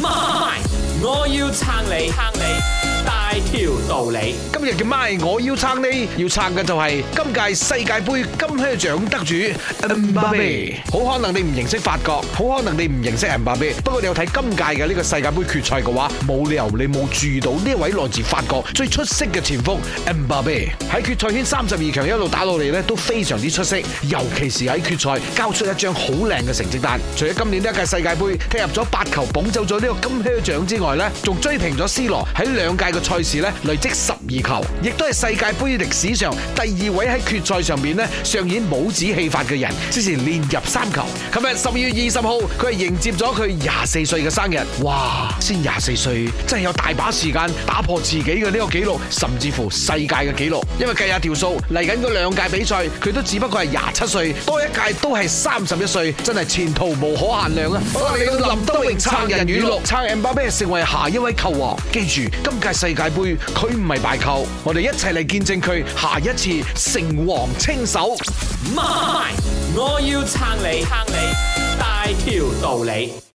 媽咪，我要撐你，撐你。大條道理，今日嘅咪，我要撐你，要撐嘅就係今屆世界盃金靴獎得主姆巴佩。好可能你唔認識法國，好可能你唔認識姆巴佩。不過你有睇今屆嘅呢個世界盃決賽嘅話，冇理由你冇注意到呢位來自法國最出色嘅前鋒姆巴佩。喺決賽圈三十二強一路打到嚟呢，都非常之出色，尤其是喺決賽交出一張好靚嘅成績單。除咗今年呢一屆世界盃踢入咗八球，捧走咗呢個金靴獎之外呢，仲追平咗 C 羅喺兩屆。嘅賽事咧，累積十二球，亦都係世界杯歷史上第二位喺決賽上邊咧，上演帽子戲法嘅人。之前連入三球，琴日十二月二十號佢係迎接咗佢廿四歲嘅生日。哇，先廿四歲，真係有大把時間打破自己嘅呢個紀錄，甚至乎世界嘅紀錄。因為計下條數，嚟緊嗰兩屆比賽，佢都只不過係廿七歲，多一屆都係三十一歲，真係前途無可限量啊！好啦，嚟到林德榮撐人語錄撐 Mbappé，成為下一位球王。記住今屆。世界盃佢唔係敗球。我哋一齊嚟見證佢下一次成王稱首。媽，我要撐你撐你，大條道理。